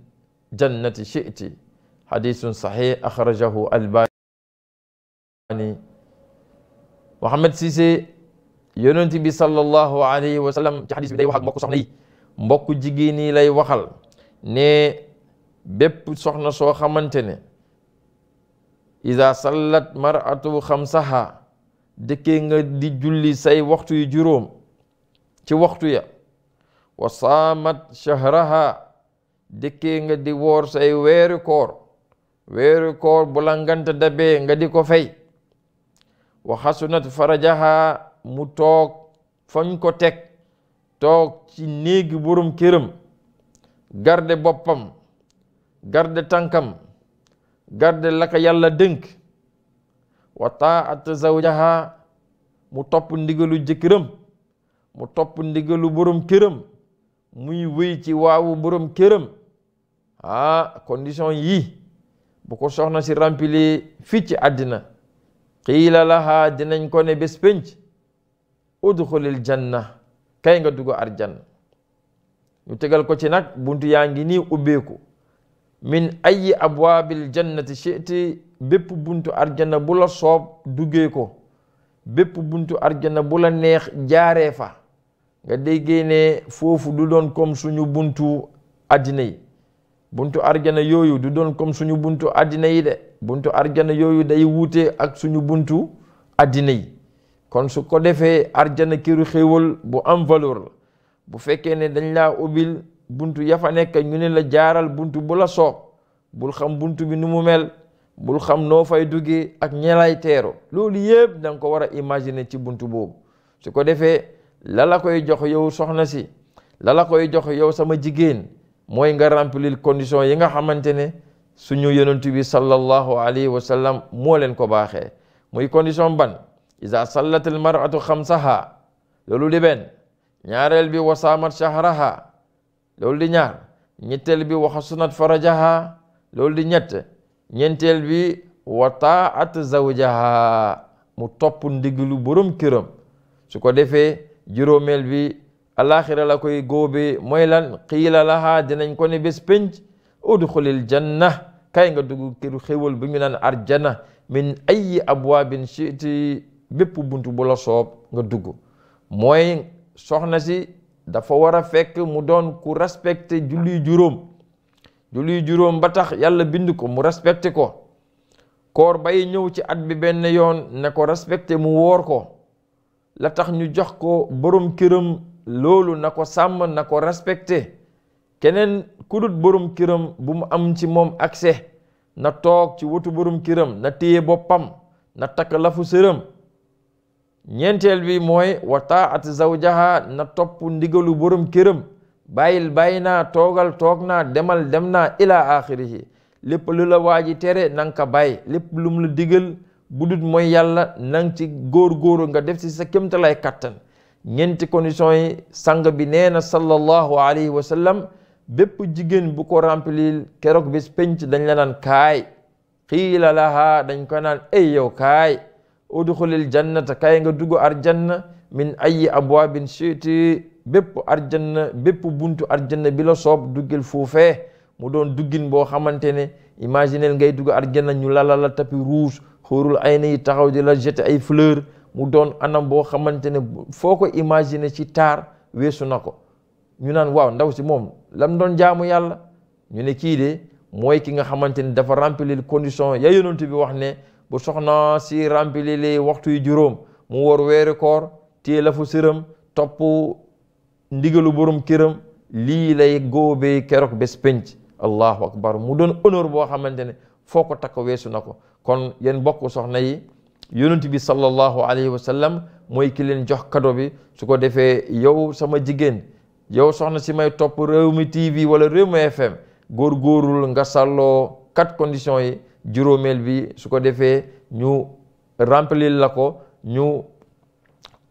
jannati shiti xadisun saxix axrajahu albani Mouhamed Cissé yonent bi sallallahu alayhi wa ci xadis bi day wax ak mbokk soxna jigéen yi lay waxal ne bépp soxna soo xamante ne ida sallat maratu xamsaha dëkkee nga di julli say waxtu juróom ci waxtu ya wa saamat shahraha dëkkee nga di wor say weeru koor weeru koor bu la nga di ko fay wa xasunat farajaha mu toog fañ ko teg toog ci néegi boroom këram garde boppam garde tànkam garde la yàlla dënk wa taat zawjaha mu topp ndigalu jëkkëram mu topp ndigalu borom këram muy wéy ci waawu boroom këram ah condition yi bu ko soxna si rempli fii ci àddina qiila lahaa dinañ ko ne bés pénc udxulil janna kay nga dugg arjanna ñu tegal ko ci nag bunt yaa ngi nii ubbeeku min ayi abwaabil jannati shiti bépp buntu arjanna bu la soob duggee ko bépp buntu arjanna bu la neex jaaree fa nga déggee ne foofu du doon comme suñu buntu addina yi buntu arjanna yooyu du doon comme suñu buntu addina yi de buntu arjana yooyu day wuute ak suñu buntu addina yi kon su ko defee arjana kiru xéewal bu am valeur la bu fekkee ne dañ laa ubbil buntu ya fa nekk ñu ne la jaaral buntu bu la soob bul xam bunt bi nu mu mel bul xam noo fay duggee ak ñelay teeru loolu yëpp da ko war a imaginer ci buntu boobu su ko defee la la koy jox yow soxna si la la koy jox yow sama jigéen mooy nga remplir condition yi nga xamante ne suñu yonent bi sallallahu alayhi wa moo leen ko baaxee muy condition ban iza sallat al mar'atu xamsaha loolu di benn ñaareel bi wasaamat shahraha loolu di ñaar ñetteel bi wa hasunat farajaha loolu di ñett ñeenteel bi wa taat zawjaha mu topp ndiglu borom këram su ko defee juróomeel bi alaxira la koy góobe mooy lan qiila laha dinañ ko ne bés pénc udxulil janna kay nga dugg këru xéwal bi ñu naan arjana min ayi abwaabin siiti bépp buntu bu la soob nga dugg mooy soxna si dafa war a fekk mu doon ku respecté julli juróom julli juróom yàlla bind ko mu respecté ko koor bay ñëw ci at bi benn yoon ne ko respecté mu woor ko la tax ñu jox ko boroom këram loolu na ko sàmm na ko respecté keneen ku dut këram bu mu am ci moom accès na toog ci wotu borom këram na téye boppam na takk lafu sëram ñeenteel bi mooy wa taat zawjaha na topp ndigalu borom këram bàyyil bàyyi naa toogal toog naa demal dem naa ila axirihi lépp lu la waaji tere na nga ko lépp lu mu la digal bu mooy yàlla na ci góor-góoru nga def ci sa kémtalay kàttan ñeenti condition yi sang bi neena na sallallahu alayhi bépp jigéen bu ko remplir keroog bis penc dañ la naan kaay xiila lahaa dañ ko naan ey yow kaay udxulil jannata kaay nga dugg arjanna min ayi abwaabin shi'ti bépp arjanna bépp buntu arjanna bi la soob duggil fuufee mu doon duggin boo xamante ne imaginel ngay dugg arjanna ñu lalala tapis rouge xóorul ay na yi taxaw di la jeté ay fleur mu doon anam boo xamante ne foo ko imaginer ci taar weesu na ko ñu naan waaw ndaw si moom lam doon jaamu yàlla ñu ne kii de mooy ki nga xamante ni dafa remplir condition ya yonent bi wax ne bu soxna si remplir li waxtu yu juróom mu wóor weeru koor téye sëram topp ndigalu borom këram lii lay góobee keroog bés penc allahu akbar mu doon honneur boo xamante ne foo ko takk weesu na ko kon yéen bokk soxna yi yonent bi sallallahu alayhi wa sallam mooy kii leen jox kado bi su ko defee yow sama jigéen yow soxna si may topp Rewmi TV wala Rewmi FM góorgóorul nga salloo quatre conditions yi juróomeel bi su ko defee ñu remplir la ko ñu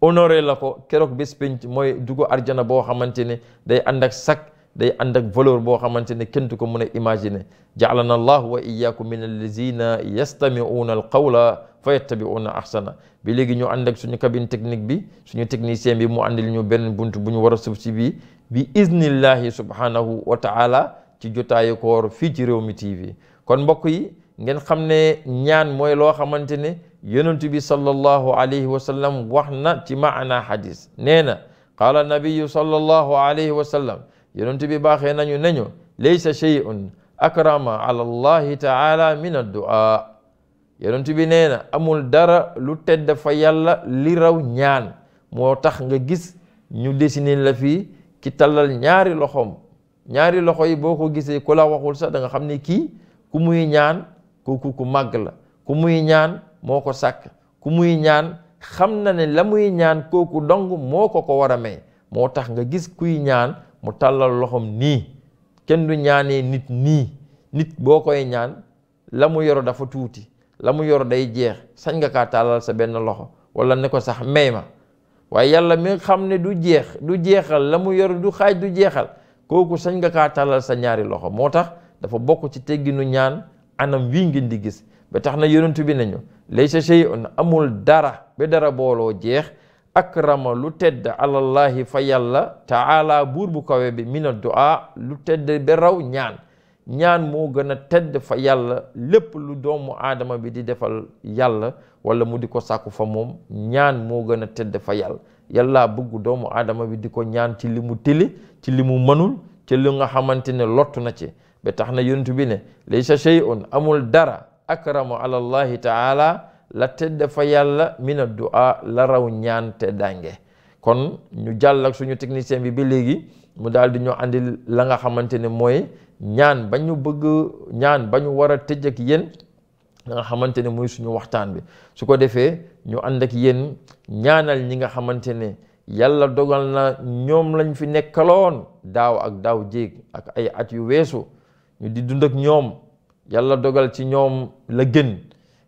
honoré la ko keroog bés penc mooy dugg arjana boo xamante ne day ànd ak sac day ànd ak valeur boo xamante ne kenn du ko mën a imaginer ja'alana allahu wa iyyakum min allazina yastami'una alqawla fa yattabi'una ahsana bi léegi ñu ànd ak suñu cabine technique bi suñu technicien bi mu àndil ñu benn bunt bu ñu war a sub si bi bi iznillahi subhanahu wa ta'ala ci jotaayu koor fii ci réew mi TV kon mbokk yi ngeen xam ne ñaan mooy loo xamante ne yonent bi sallallahu alayhi wa sallam wax na ci maana nee na qaala nabiyu sallallahu alayhi wa sallam yonent bi baaxee nañu nañu laysa shay'un akrama ala ta'ala min ad yonent bi nee na amul dara lu tedd fa yàlla li raw ñaan moo tax nga gis ñu dessiné la fii ki tàllal ñaari loxoom ñaari loxo yi boo ko gisee ku la waxul sax da xam ne kii ku muy ñaan kooku ku màgg la ku muy ñaan moo ko sàkk ku muy ñaan xam na ne la muy ñaan kooku dong moo ko ko war a may moo tax nga gis kuy ñaan mu tàllal loxoom nii kenn du ñaanee nit nii nit boo koy ñaan la mu yoro dafa tuuti la mu yor day jeex sañ nga kaa tàllal sa benn loxo walla ne ko sax may ma waaye yàlla mi xam ne du jeex du jeexal la mu yor du xaaj du jeexal kooku sañ nga kaa tàllal sa ñaari loxo moo tax dafa bokk ci tegginu ñaan anam wii ngeen di gis ba tax na yonent bi nañu sa laysa shay'un amul dara ba dara booloo jeex ak akrama lu tedd alallahi fa yàlla taala buur bu kawe bi mina du'a lu tedd ba raw ñaan ñaan moo gën a tedd fa yàlla lépp lu doomu aadama bi di defal yàlla wala mu di ko sàkku fa moom ñaan moo gën a tedd fa yàlla yàlla bëgg doomu aadama bi di ko ñaan ci li mu tili ci li mu mënul ci li nga xamante ne lottu na ci ba tax na yonent bi ne laysa shay'un amul dara akramu ala allahi la tedd fa yàlla min addu'a la raw ñaan teddaange kon ñu jàll ak suñu technicien bi ba léegi mu daal di ñu andil la nga xamante ne mooy ñaan ba ñu bëgg ñaan ba ñu war a tëj ak yéen nga xamante ne muy suñu waxtaan bi su ko defee ñu ànd ak yéen ñaanal ñi nga xamante ne yàlla dogal na ñoom lañu fi nekkaloon daaw ak daaw jéeg ak ay at yu weesu ñu di dund ak ñoom yàlla dogal ci ñoom la gën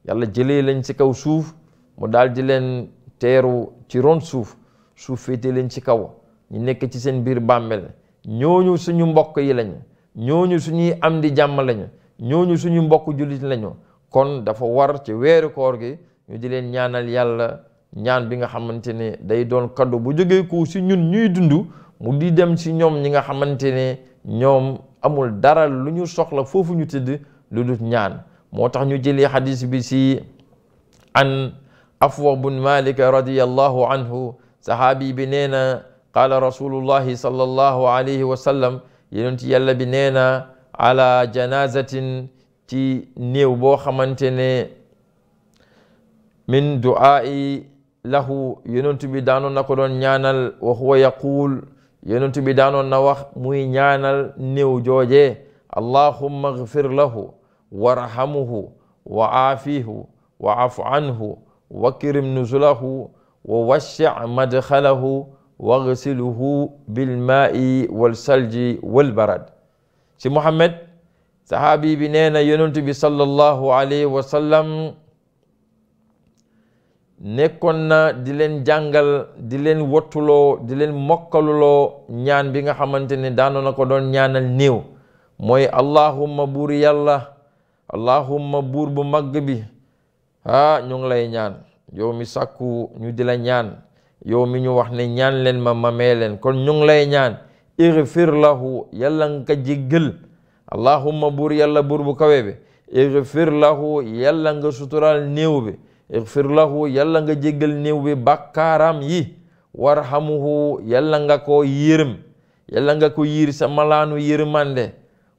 yàlla jëlee lañ ci kaw suuf mu daal di leen teeru ci ron suuf suuf féete lañ ci kaw ñu nekk ci seen biir bàmmeel ñooñu suñu mbokk yi lañ ñooñu suñuy am di jàmm lañu ñooñu suñu mbokk jullit lañu kon dafa war ci weeri koor gi ñu di ñaanal yàlla ñaan bi nga xamante ne day doon kaddu bu jógee ko si ñun ñuy dund mu di dem si ñoom ñi nga xamante ne ñoom amul dara lu ñu soxla foofu ñu tëdd lu dul ñaan moo tax ñu jëlee xadis bi si an afwa bun malik radiyallahu anhu sahaabi bi nee na qaala rasulullahi sallallahu alayhi wa yonent yàlla bi nee na ala janazatin ci néew boo xamante ne min du'aa'i lahu yonent bi daanoon na ko doon ñaanal wa huwa yaquul yonent bi daanoon na wax muy ñaanal néew jooje allahumma gfir lahu warhamhu wa aafihu wa afu anhu wa kirim nuzulahu wa wacci madxalahu wagsiluhu bilmaai walsalji walbarad si Muhammad sahaabi bi nee na yonentu bi sallallahu alayhi wa sallam nekkoon na di leen jàngal di leen wottuloo di leen mokkaluloo ñaan bi nga xamante ne daanoon na ko doon ñaanal néew mooy allahumma buur yàlla allahumma buur bu màgg bi ah ñu ngi lay ñaan yow mi sàkku ñu di la ñaan yow mi ñu wax ne ñaan leen ma ma mee leen kon ñu ngi lay ñaan igfir lahu yàlla nga ko allahumma buur yàlla buur bu kawe bi igfir lahu yàlla nga suturaal néew bi igfir lahu yàlla nga jéggal néew bi bàkkaaram yi warhamuhu yalla nga ko yërëm yàlla nga ko yiir sa malaanu yërmande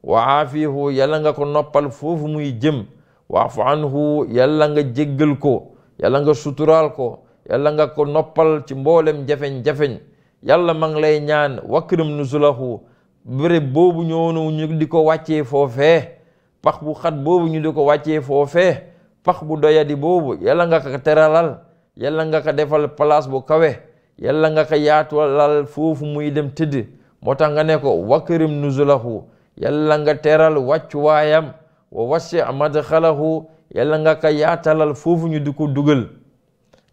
wa aafihu yàlla nga ko noppal foofu muy jëm waafu anhu yàlla nga jéggal ko yàlla nga sutural ko yàlla nga ko noppal ci mboolem jafeñ-jafeñ yàlla ma lay ñaan wakkiram nuzulahu béréb boobu ñoonu ñu di ko wàccee foofee pax bu xat boobu ñu di ko wàccee foofee pax bu doyadi boobu yalla nga ko teralal yalla nga ko defal place bu kawe yalla nga ko yaatulal foofu muy dem tëdd moo tax nga ne ko wakkiram nuzulahu yàlla nga teral wàccuwaayam wa wasi madxalahu yàlla nga ko yaatalal foofu ñu di ko dugal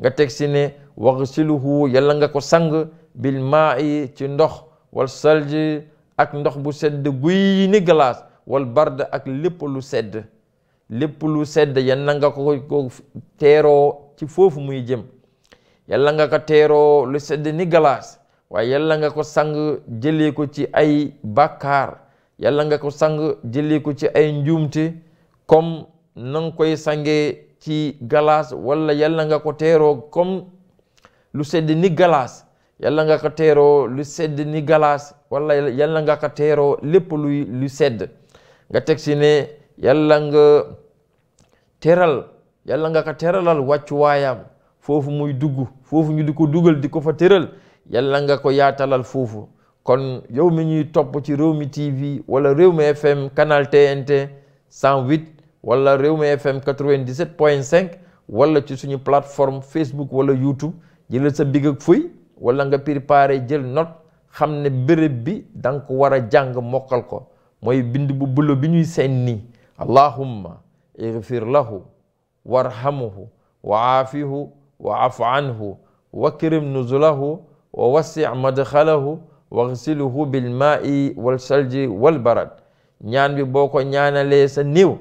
nga teg si ne waxsiluhu yàlla nga ko sang bil maa'i ci ndox wal salji ak ndox bu sedd guy ni glace wal barda ak lépp lu sedd lépp lu sedd yàlla nga ko ko teeroo ci foofu muy jëm yàlla nga ko teeroo lu sedd ni glace waaye yàlla nga ko sang jële ko ci ay bàkkaar yàlla nga ko sang jëlee ko ci ay njuumte comme na nga koy sange ci galaas wala yàlla nga ko teeroo comme lu sedd ni galaas yàlla nga ko teeroo lu sedd ni galaas wala yàlla nga ko teeroo lépp luy lu sedd nga teg si ne yàlla nga teral yàlla nga ko teralal wàccuwaayam foofu muy dugg foofu ñu di ko dugal di ko fa tëral yàlla nga ko yaatalal foofu kon yow mi ñuy topp ci Rewmi TV réew Rewmi FM canal TNT 108 wala Rewmi FM 97.5 wala ci suñu plateforme Facebook wala YouTube jëlal sa big ak fuy wala nga préparé jël note xam ne bërëb bi da ko war a jàng mokkal ko mooy bind bu bulo bi ñuy seen nii allahumma igfir lahu warhamuhu wa aafihu wa afu anhu wakrim nuzulahu wa wasi madxalahu waxsiluhu bilmaai walsalji walbarad ñaan bi boo ko ñaanalee sa néew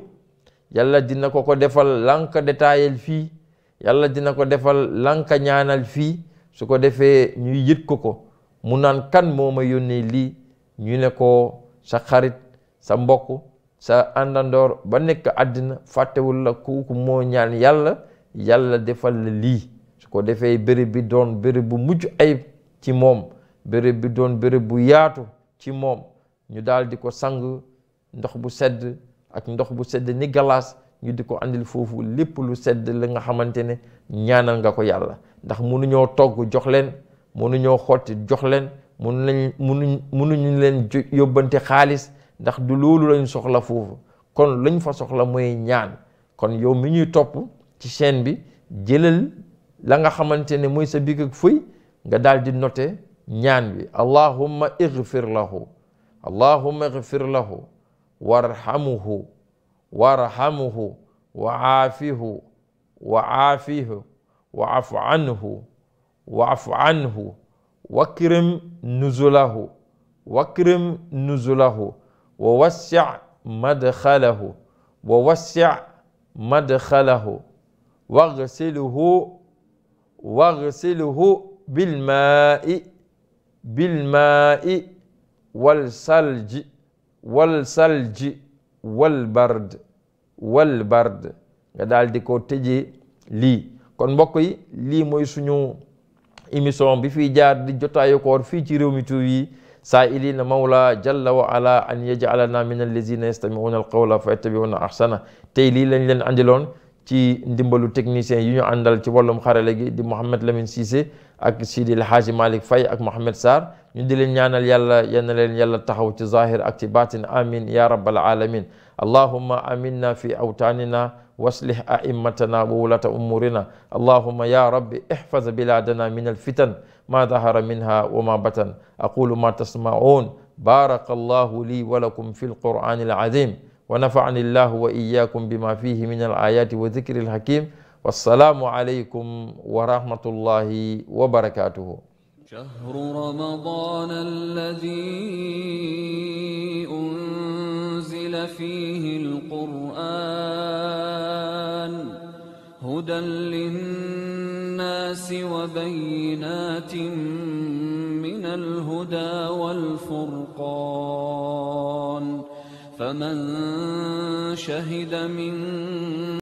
yàlla dina ko ko defal lanka détaayal fii yàlla dina ko defal lanka ñaanal fii su ko defee ñuy yët ko ko mu naan kan moo ma yónnee lii ñu ne ko sa xarit sa mbokk sa àndandoor ba nekk àddina fàttewul la kooku moo ñaan yàlla yàlla defal la lii su ko defee béréb bi doon béréb bu mujj ayib ci moom béréb bi doon béréb bu yaatu ci moom ñu daal di ko sang ndox bu sedd ak ndox bu sedd ni galaas ñu di ko àndil foofu lépp lu sedd li nga xamante ne ñaanal nga ko yàlla ndax mënuñoo togg jox leen mënuñoo xotti jox leen mënu lañ mënuñ mënuñu leen yóbbante xaalis ndax du loolu lañ soxla foofu kon lañ fa soxla mooy ñaan kon yow mi ñuy topp ci chaîne bi jëlal la nga xamante ne mooy sa bigg ak fëy nga daal di note ñaan bi allahumma igfir lahu allahumma igfir lahu warhamuhu warhamuhu wa aafihu wa aafihu wa afu anhu wa afu anhu wakrim nuzulahu wakrim nuzulahu wa wassi' madkhalahu wa wassi' madkhalahu waghsilhu waghsilhu bilmaa'i bilmaa'i wal salji wal salji wal bard wal bard nga daal di ko tëjee lii kon mbokk yi lii mooy suñu émission bi fii jaar di jotaayu koor fii ci mi Rewmi yi saa ilina mawla jalla wa ala an yajalana min allazina yastamiuna alqawla fa yattabiuna ahsana tey lii lañ leen andiloon ci ndimbalu technicien yi ñu àndal ci wàllum xarale gi di Mouhamed Lamine Cissé ak Sidi El Hadji Malick Faye ak Mohamed Sarr ñu di leen ñaanal yàlla yal na leen yàlla taxaw ci zahir ak ci baatin amin ya rabbal alamin allahumma aminna fi awtanina waslih a'immatana wa wulata umurina allahumma ya rabbi ihfaz biladana min alfitan ma dahara minha wa ma batan aqulu ma tasma'un بارك الله لي ولكم في القرآن العظيم ونفعني الله وإياكم بما فيه من الآيات وذكر الحكيم wassalaamu aleykum wa rahmatullahi wa barakaatuhu shahru ramadan alladi unzila fihi alquran هدى للناس وبينات من الهدى والفرقان فمن شهد من